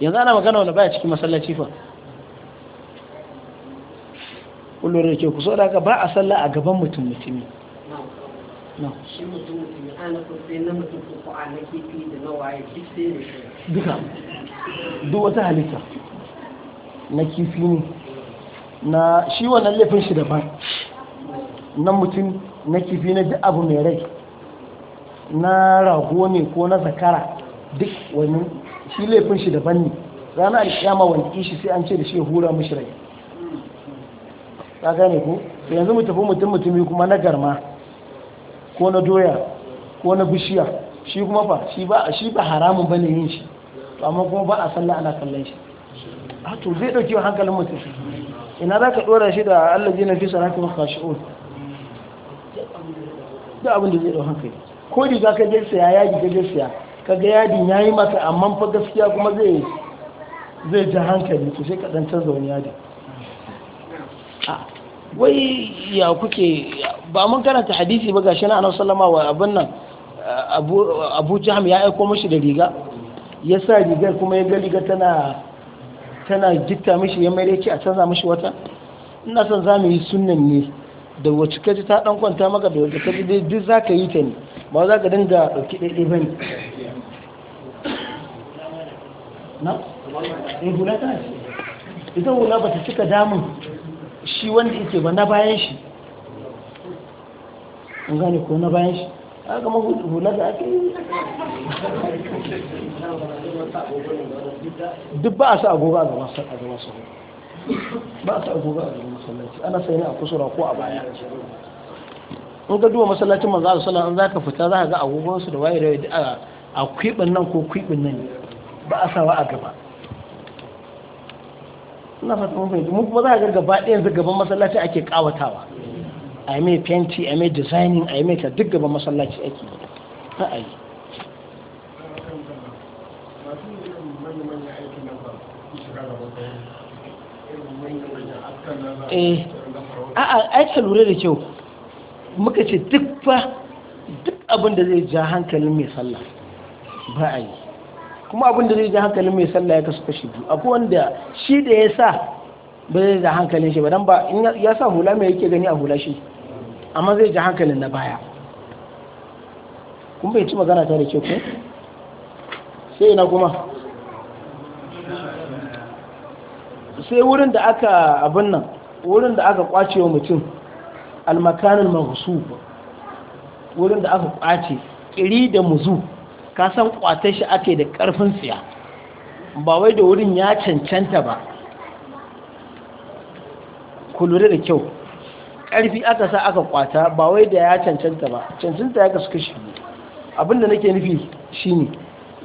yanzu ana magana wani baya cikin masallaci fa kullum da ke kusa da ba a sallah a gaban mutum mutumi duka duk wata halitta na kifi ne na shi wannan laifin shi ba na mutum na kifi na duk abu mai rai na rago ne ko na zakara duk wani shi laifin shi daban ne rana alkiyama wani shi sai an ce da shi hura mishi rai ta gane ko to yanzu mu tafi mutum mutumi kuma na garma ko na doya ko na bishiya shi kuma fa shi ba shi ba haramun bane yin shi to amma kuma ba a sallah ana kallon shi a to zai dauki hankalin mutum ina za ka dora shi da Allah ji na fi sarati wa khashi'un da abin da zai dau hankali ko riga ka je siya ya ji ka je siya kaga yadin ya yi maka amma fa gaskiya kuma zai zai ji hankali to sai kaɗan canza wani yadi. wai ya kuke ba mun karanta hadisi ba gashi na annabi lama wa abin nan abu jaham ya aiko mashi da riga ya sa rigar kuma ya ga riga tana tana gitta mishi ya mai yake a canza mashi wata ina son za mu yi sunan ne da wacce kaji ta dan kwanta maka da wacce kaji dai duk za ka yi ta ne ba za ka dinga ɗauki ɗaiɗai ba ne na? eh hula tana ita hula ba ta cika damun shi wanda yake ba na bayan shi an gane ko na bayan shi a kama hula da ake yi duk ba a sa agogo a gaba sa ba a sa agogo a gaba masallaci ana sai ne a kusura ko a baya in ga duwa masallacin manzo sallallahu alaihi za ka fita fita ka ga agogon su da waye da a kwibin nan ko kwibin nan ne ba a sawa a gaba ina fata mafi yanzu mun kuma za a ga gaba ɗaya yanzu gaban masallaci ake kawatawa a mai fenti a mai designing a mai ta duk gaban masallaci ake ta a yi eh a'a ai ka lura da kyau muka ce duk fa duk abin da zai ja hankalin mai sallah ba a yi kuma abin da zai ji hankalin mai sallah ya kasu kashi biyu akwai wanda shi da ya sa ba zai ji hankalin shi ba dan ba in ya sa hula mai yake gani a hula shi amma zai ji hankalin na baya kun bai ci magana ta da ke ku sai ina kuma sai wurin da aka abin nan wurin da aka kwace wa mutum almakanin mahusu wurin da aka kwace kiri da muzu ka san kwatar shi ake da ƙarfin tsiya ba wai da wurin ya cancanta ba ku lura da kyau ƙarfi aka sa aka kwata ba wai da ya cancanta ba cancanta ya kasu kashi abinda nake nufi shi ne,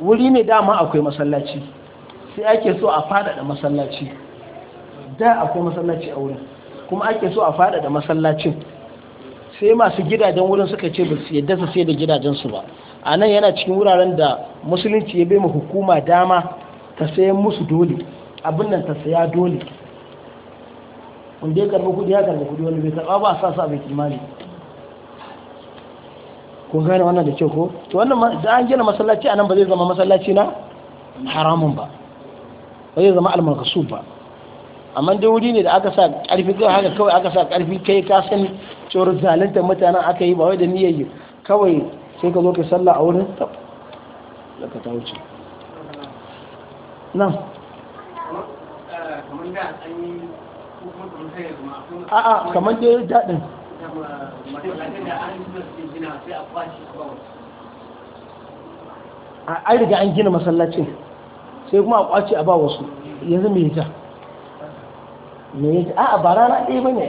wuri ne dama akwai masallaci sai ake so a faɗaɗa masallaci da akwai masallaci a wurin kuma ake so a faɗaɗa masallacin sai masu gidajen wurin suka ce ba su yadda su sai da gidajensu ba a nan yana cikin wuraren da musulunci ya bai hukuma dama ta sayan musu dole abin nan ta saya dole wanda ya karbi kudi ya karbi kudi wani bai karba ba a sa sa bai kimani kun gane wannan da kyau ko to wannan da an gina masallaci a nan ba zai zama masallaci na haramun ba ba zai zama almarkasu ba amma dai wuri ne da aka sa karfi kawai haka kawai aka sa karfi kai ka san cewar zalunta mutanen aka yi ba wai da niyyar kawai sai ka zo ka salla a wurin tab ka ta wuce nan a'a kamar ya daɗin an riga an gina masallacin sai kuma a kwace a ba wasu yanzu mai ta ta a'a ba rana ɗaya bane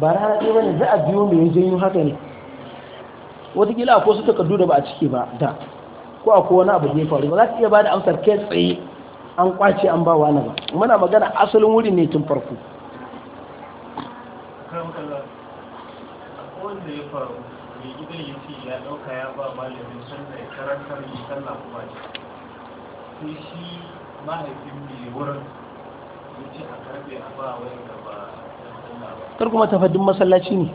ba rana ɗaya bane za a biyo mai janyo haka ne watakila akwai su takardu da ba a cike ba da ko akwai wani abu da ya faru ba za su iya ba da amsar kai tsaye an kwace an ba wani ba muna magana asalin wuri ne tun farko kar kuma tafaddin masallaci ne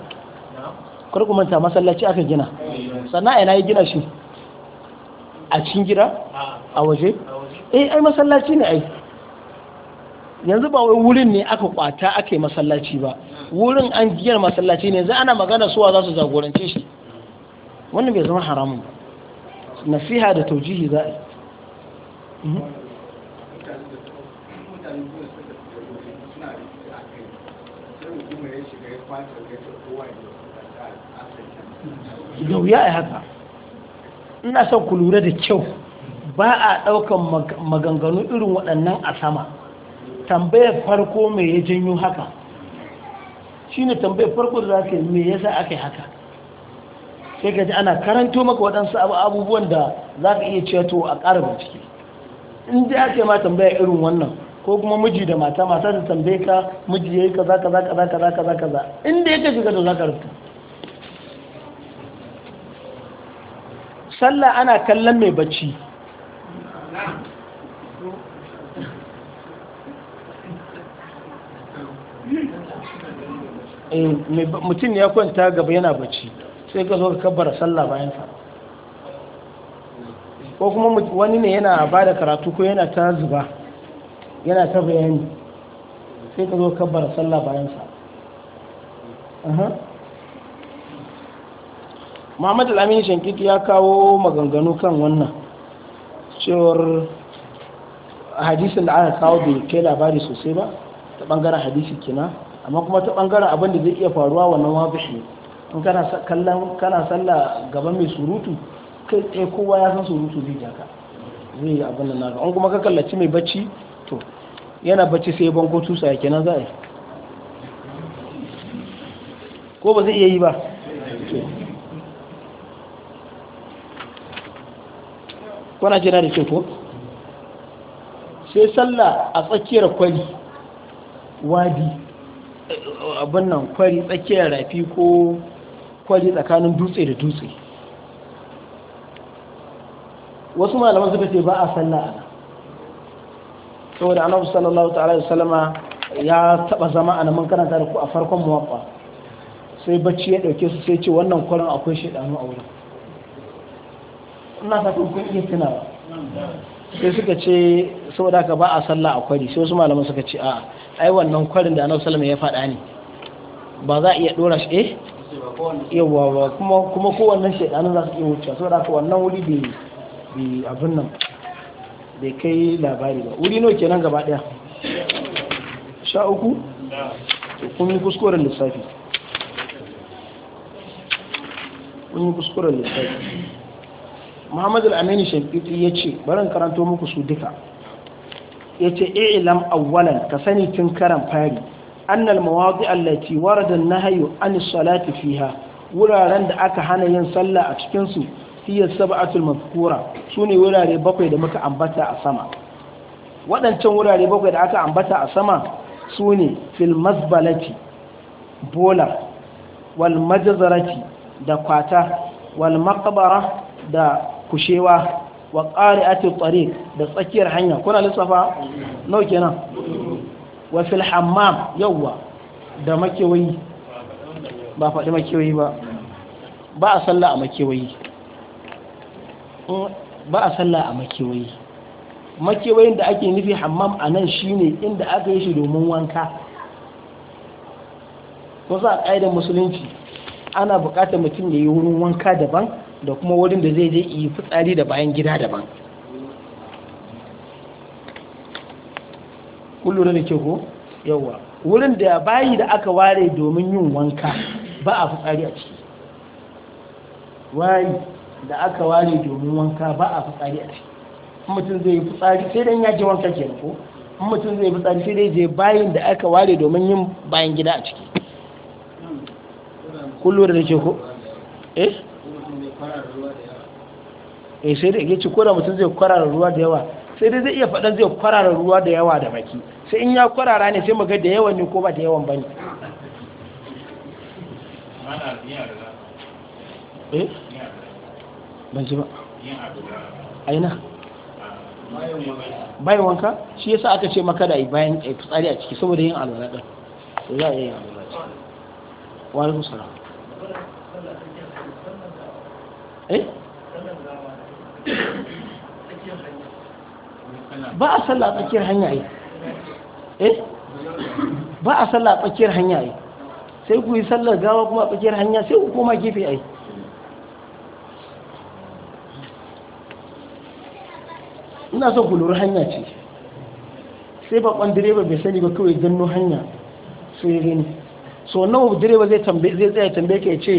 kar ku manta masallaci aka gina sannan na yi gina shi a cikin gida a waje eh ai masallaci ne ai yanzu ba wai wurin ne aka kwata aka yi masallaci ba wurin an giyar masallaci ne yanzu ana magana suwa za su jagorance shi wannan bai zama haramun ba nasiha da taujihi za a yi mhm. da wuya a haka ina son ku lura da kyau ba a ɗaukan maganganu irin waɗannan a sama tambayar farko mai ya janyo haka Shi shine tambayar farko da za ka yi mai yasa aka yi haka sai ka ji ana karanto maka waɗansu abubuwan da za ka iya ceto a ƙara bincike in ji ake ma tambaya irin wannan ko kuma miji da mata mata da tambaye ka miji ya yi kaza kaza kaza kaza kaza kaza inda ya ka shiga da za ka rubuta sallah ana kallon mai bacci eh, mutum ya kwanta gaba yana bacci sai ka zo ka kabbara sallah bayan fa ko kuma wani ne yana ba da karatu ko yana ta zuba yana ta bayani sai ka zo ka kabbara sallah bayan sa muhammad al-amin shankiki ya kawo maganganu kan wannan cewar hadisin da aka kawo bai kai labari sosai ba ta bangaren hadisi kina amma kuma ta bangaren abin da zai iya faruwa wannan wafishi in kana kallon kana sallah gaban mai surutu kai tsaye kowa ya san surutu zai jaka zai yi abin da naka an kuma ka kallaci mai bacci to yana bacci sai banko tusa ya kenan za a yi ko ba zai iya yi ba kuna jina da ke ko sai sallah a tsakiyar kwari wadi abin nan kwari tsakiyar rafi ko kwari tsakanin dutse da dutse wasu malaman suka ce ba a sallah ana saboda annabi sallallahu ta'ala da salama ya taba zama a namun karanta da ku a farkon muwaffa sai bacci ya ɗauke su sai ce wannan kwarin akwai shaidanu a wurin ina ta kun iya tunawa sai suka ce saboda haka ba a sallah a kwari sai wasu malaman suka ce a'a ai wannan kwarin da annabi sallallahu ya faɗa ne ba za a iya dora shi eh yawa ba kuma kuma kowannen shedanin za su iya wuce saboda haka wannan wuri bai bai abin nan bai kai labari ba wuri nawa kenan gaba daya sha uku kun yi kuskuren lissafi kun yi kuskuren lissafi Muhammadu al-amini shafiqi ya ce barin karanto muku su duka ya ce ilam awwalan ka sani tun karan fari annal mawadi allati warada nahyu an salati fiha wuraren da aka hana yin sallah a cikin su fiye sab'atul mazkura sune wurare bakwai da muka ambata a sama waɗancan wurare bakwai da aka ambata a sama sune fil mazbalati bola wal majzarati da kwata wal maqbara da kushewa wa ati tariq da tsakiyar hanya kuna lissafa nawa kenan wa fil hammam yawwa da makewayi ba faɗi makewayi ba ba a sallah a makewayi ba a sallah a makewayi makewayin da ake nufi hammam a nan shine inda aka yi shi domin wanka wasu a ƙa'idar musulunci ana buƙatar mutum ya yi wurin wanka daban da kuma wurin da zai je yi fitsari da bayan gida daban kullum da ke ko yawwa. wurin da bayi da aka ware domin yin wanka ba a fitsari a ciki Wari da aka ware domin wanka ba a fitsari a ciki mutum zai yi fitsari sai dan ya wanka ke ko mutum zai fitsari sai dai je bayin da aka ware domin yin bayan gida a ciki kullum da ke ko eh eh sai dai yace ko da mutum zai kwarara ruwa da yawa sai dai zai iya fadan zai kwarara ruwa da yawa da baki sai in ya kwarara ne sai muga da yawan ne ko ba da yawan bane eh ban ji ba aina bayan wanka shi yasa aka ce maka da bayan eh, fitsari a ciki saboda yin alwala din za a yi alwala wa alaikum salam Eh? ba a sallah tsakiyar hanya yi eh? ba a sallah tsakiyar hanya yi sai ku yi sallar gawa kuma tsakiyar hanya sai ku koma gefe ai ina so ku lura hanya ce sai bakon direba bai sani ba kawai ganno hanya sai yi gani so nawa direba zai tambaye tambaye ka ya ce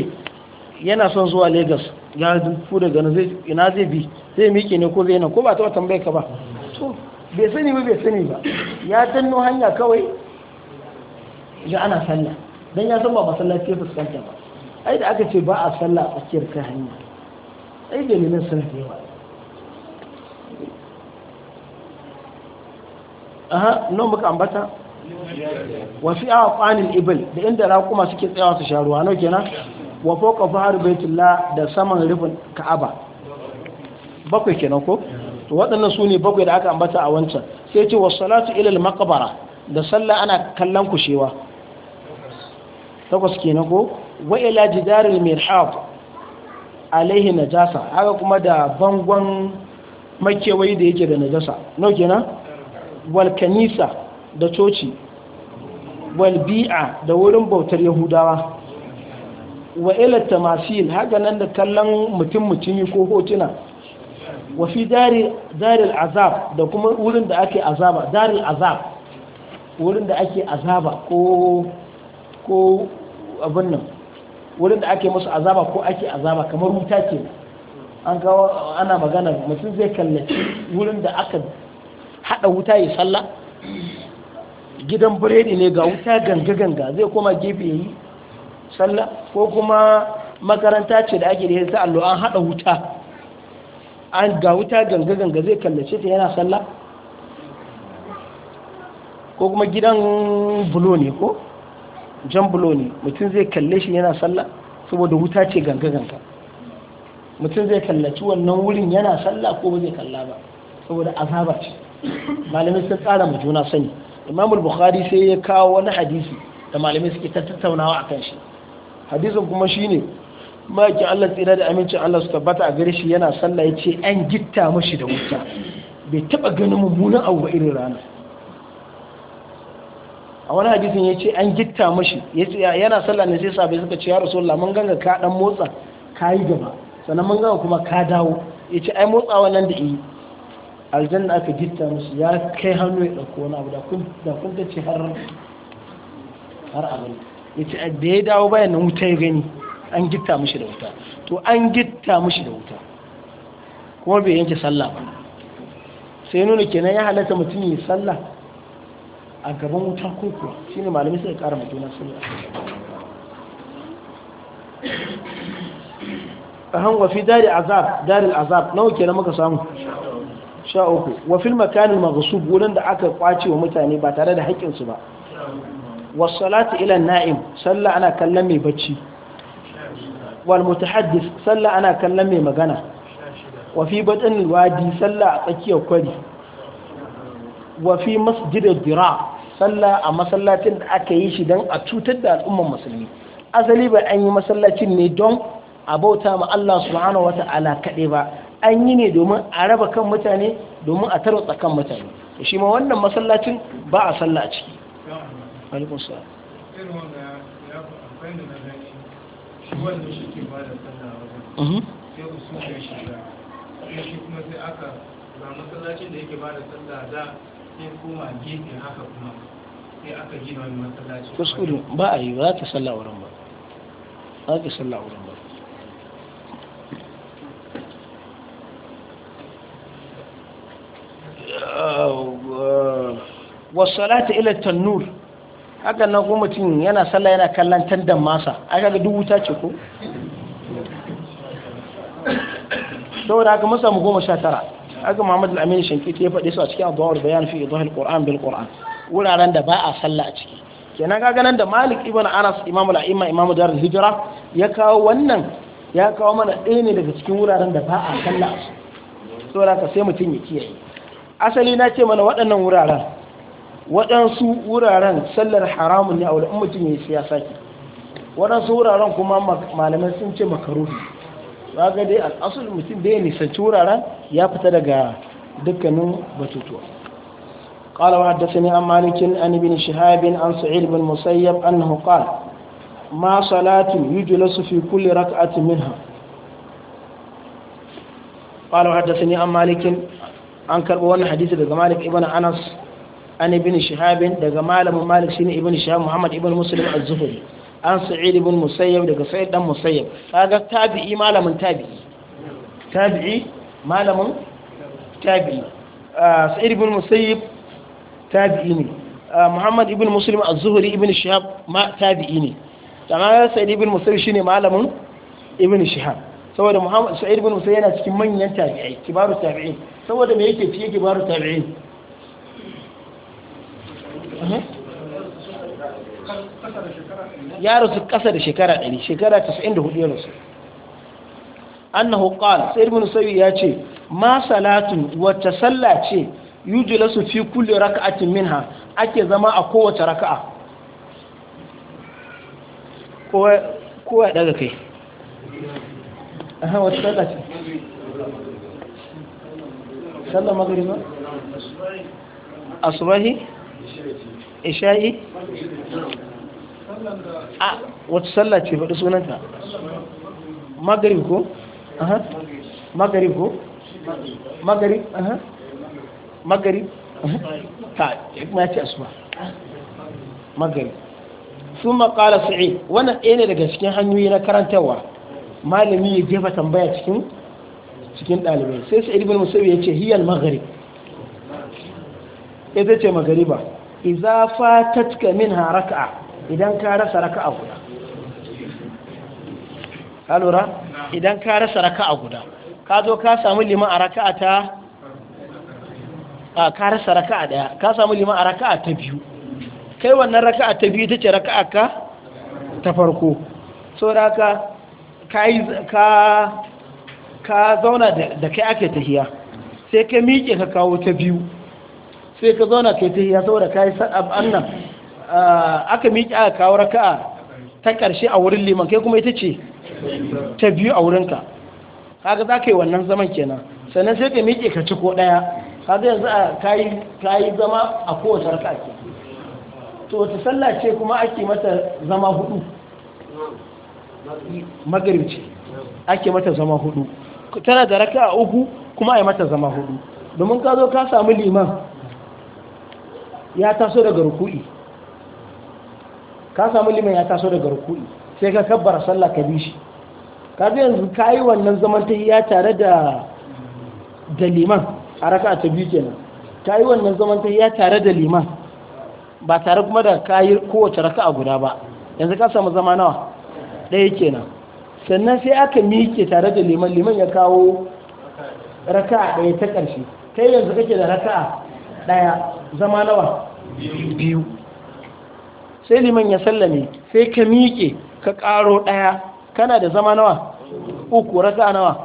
yana son zuwa Legas ya dufu daga ina zai bi zai miƙe ne ko zai nan ko ba taɓa tambaye ka ba to bai sani ba bai sani ba ya danno hanya kawai ga ana sallah dan ya san ba masallaci ya fuskanta ba ai da aka ce ba a sallah a tsakiyar kai hanya ai da neman sallah da yawa aha nan muka ambata wasu awa kwanin ibil da inda raƙuma suke tsayawa su sha ruwa nau kenan wa fawqa fahar baitullah da saman rufin ka'aba bakwai kenan ko to waɗannan su ne bakwai da aka ambata a wancan sai ce wa salatu ila al maqbara da sallah ana kallon kushewa takwas kenan ko wa ila jidar al mirhab alaihi najasa haka kuma da bangon makewayi da yake da najasa no kenan wal kanisa da coci wal bi'a da wurin bautar yahudawa wa ila tamasil haka nan da kallon mutum mutum ko hotuna wa fi daril azab da kuma wurin da ake azaba daril azab wurin da ake azaba ko ko abin nan wurin da ake musu azaba ko ake azaba kamar wuta ce an ga ana magana mutum zai kallaci wurin da aka hada wuta ya salla gidan biredi ne ga wuta ganga ganga zai koma gefe yi sallah ko kuma makaranta ce da ake da yanzu allo an haɗa wuta an ga wuta ganga ganga zai kallace ta yana sallah ko kuma gidan bulo ne ko jan bulo ne mutum zai kalle shi yana sallah saboda wuta ce ganga ganga mutum zai kallaci wannan wurin yana sallah ko ba zai kalla ba saboda azaba ce malamai sun tsara mu juna sani imamul bukhari sai ya kawo wani hadisi da malamai suke tattaunawa akan shi hadisin kuma shi ne, maki Allah tsira da amincin Allah su tabbata a gare shi yana sallah yace an gitta mashi da wuta bai taba ganin mummunan abu ba irin rana a wani hadisin yace an gitta mashi yace yana sallah ne sai sabai suka ce ya rasulullah mun ganga ka dan motsa yi gaba sannan mun ganga kuma ka dawo yace ai motsawa nan da yi aljanna aka gitta musu ya kai hannu ya dauko wani abu da kun ta ce har har yace da ya dawo bayan nan wuta ya gani an gitta mishi da wuta to an gitta mishi da wuta kuma bai yanke sallah ba sai nuna kenan ya halatta mutum yi sallah a gaban wuta ko kuwa shine malamai suka kara na sallah a hangwa fi dari azab dari azab nawa kenan muka samu sha uku wa fil makanil maghsub wurin da aka kwace wa mutane ba tare da haƙƙinsu ba wasalatu ila na'im sallah ana kallon mai bacci wal mutahaddis sallah ana kallon mai magana wa fi batin wadi sallah a tsakiyar kwari wa fi masjidil dira sallah a masallacin da aka yi shi don a cutar da al'ummar musulmi asali ba an yi masallacin ne don a bauta ma Allah subhanahu wata'ala kaɗai ba an yi ne domin a raba kan mutane domin a tarwatsa kan mutane shi ma wannan masallacin ba a sallah a ciki alaikun sa mhm. ba a yi ba ta wurin ba wurin ba wasalata ila tannur Hakan nan kuma mutum yana sallah yana kallon tandan masa aka ga duk wuta ce ko saboda haka masa mu goma sha tara haka Muhammad al-Amin Shankiti ya faɗi su a cikin Adwar Bayan fi Idhar al-Qur'an bil Qur'an wuraren da ba a sallah a ciki kenan ka ganin da Malik ibn Anas Imam al-A'imma Imam Dar al-Hijra ya kawo wannan ya kawo mana ɗaya ne daga cikin wuraren da ba a sallah a su saboda haka sai mutum ya kiyaye asali na ce mana waɗannan wuraren waɗansu wuraren sallar haramun ne a wani mutum ya yi siyasa ke waɗansu wuraren kuma malamai sun ce makaruhi ba ga dai al'asul mutum da ya nisanci wuraren ya fita daga dukkanin batutuwa قال وحدثني عن مالك عن ابن شهاب عن سعيد بن مسيب أنه قال ما صلاة يجلس في كل ركعة منها قال وحدثني عن مالك عن كربوان حديث مالك ابن Anas. an ibn shihab daga malamin malik shine ibn shihab muhammad ibn muslim az-zuhri an sa'id ibn musayyab daga sa'id dan musayyab kaga tabi'i malamin tabi'i tabi'i malamin tabi'i sa'id ibn musayyab tabi'i ne muhammad ibn muslim az-zuhri ibn shihab ma tabi'i ne amma sa'id ibn musayyab saboda muhammad sa'id ibn musayyab yana cikin manyan tabi'i kibaru tabi'in saboda me yake fiye kibaru tabi'in ya rasu kasa da shekara 100 shekara 94 ya rasu annahu qala sai ibn sawi ya ce ma salatun wata sallah ce yujlasu fi kulli raka'atin minha ake zama a kowace raka'a daga kai aha wata isha'i a wata sallah ce faɗi sunanta magarib ko? aha magarib ko? magarib aha magarib ta hikma ce asuba magarib sun makala su'i wannan ɗaya ne daga cikin hanyoyi na karantarwa malami ya jefa tambaya cikin cikin ɗalibai sai sa'id ibn musawi ya ce hiyar magarib ita ce magariba iza fatatka minha raka'a idan ka rasa raka'a guda ka lura idan ka rasa raka'a guda ka zo ka samu liman a raka'a ta a ka rasa raka'a daya ka samu liman a raka'a ta biyu kai wannan raka'a ta biyu ta ce raka'a ka ta farko so da ka ka zauna da kai ake tahiya sai ka miƙe ka kawo ta biyu sai ka zauna kai ya saboda yi sa'ab annan ah, aka miƙi aka kawo raka'a ta ƙarshe a wurin liman kai kuma ita ce ta biyu a wurinka kaga za ka yi wannan zaman kenan sannan sai ka miƙe ka ci ko ɗaya kaga yanzu a kayi kayi zama a kowace raka'a ke to wata sallah ce kuma ake mata zama hudu magrib ce ake mata zama hudu tana da raka'a uku kuma a yi mata zama hudu domin ka zo ka samu liman ya taso daga ruku'i ka samu liman ya taso daga ruku'i sai ka kabbara sallah ka bi shi ka zai yanzu ka yi wannan zaman ta ya tare da da liman a raka ta biyu kenan ka yi wannan zaman ta ya tare da liman ba tare kuma da ka yi kowace raka a guda ba yanzu ka samu zama nawa ɗaya kenan sannan sai aka miƙe tare da liman liman ya kawo raka'a ɗaya ta ƙarshe kai yanzu kake da raka'a ɗaya zama nawa biyu sai liman ya sallame sai ka miƙe ka ƙaro ɗaya kana da zama nawa uku raka nawa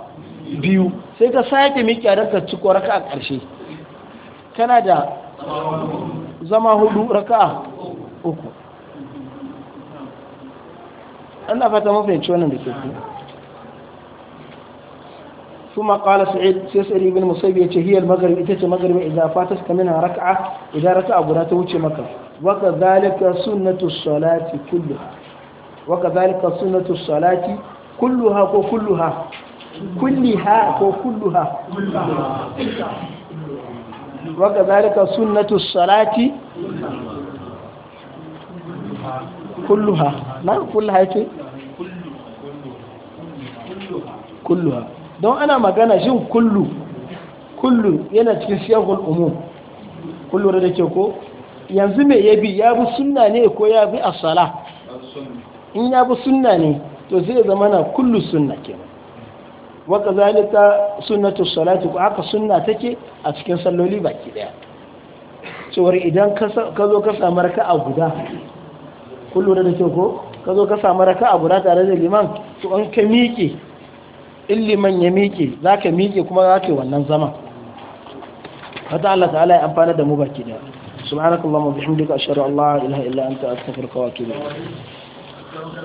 biyu sai ka sake miƙe a ka ciko raka a ƙarshe kana da zama hudu raka uku na fata mafi wannan da ke kuma ثم قال سعيد سيسري بن مصيب هي المغرب إتت المغرب إذا فاتتك منها ركعة إذا ركع بنات وجه مكة وكذلك سنة الصلاة كلها وكذلك سنة الصلاة كلها وكلها كلها وكلها وكذلك سنة الصلاة كلها ما كلها كلها كلها don ana magana shin kullu kullu yana cikin siyahun umu kullu da ke ko yanzu mai ya bi ya bi sunna ne ko ya bi asala sala in ya bi sunna ne to zai zama na kullu sunna kenan wa kazalika sunnatu salati ko aka sunna take a cikin salloli baki daya cewar idan ka zo ka samu a guda kullu da ke ko ka zo ka samu a guda tare da liman to an ka miƙe in liman ya miƙe za ka miƙe kuma za ka wannan zama wata Allah ta'ala ya amfana da mu baki da subhanakallahumma bihamdika ashhadu allah la ilaha illa anta astaghfiruka wa atubu ilayk